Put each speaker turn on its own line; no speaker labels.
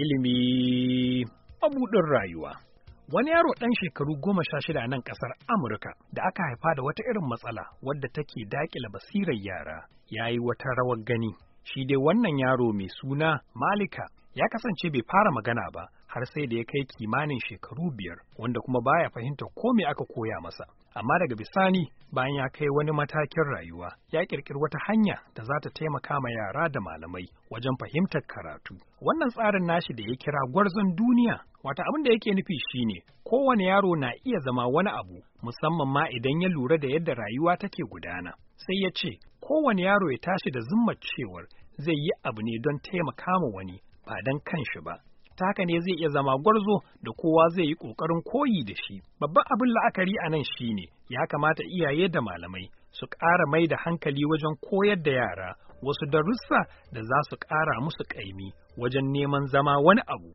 ilimi mabuɗin rayuwa. Wani yaro ɗan shekaru goma sha shida nan ƙasar Amurka da aka haifa da wata irin matsala wadda take daƙila basirar yara ya yi wata rawar gani. Shi dai wannan yaro mai suna Malika ya kasance bai fara magana ba har sai da ya kai kimanin shekaru biyar wanda kuma baya fahimta ko me aka koya masa amma daga bisani bayan ya kai wani matakin rayuwa ya kirkiri wata hanya da za ta taimaka ma yara da malamai wajen fahimtar karatu wannan tsarin nashi da ya kira gwarzon duniya wata abin da yake nufi shine kowane yaro na iya zama wani abu musamman ma idan ya lura da yadda rayuwa take gudana sai ya ce kowane yaro ya tashi da zummar cewar zai yi abu ne don taimaka ma wani ba don kanshi ba ta haka ne zai iya zama gwarzo da kowa zai yi ƙoƙarin koyi da shi. Babban abin la'akari a nan shi ya kamata iyaye da malamai su ƙara mai da hankali wajen koyar da yara wasu darussa da za su ƙara musu ƙaimi wajen neman zama
wani abu.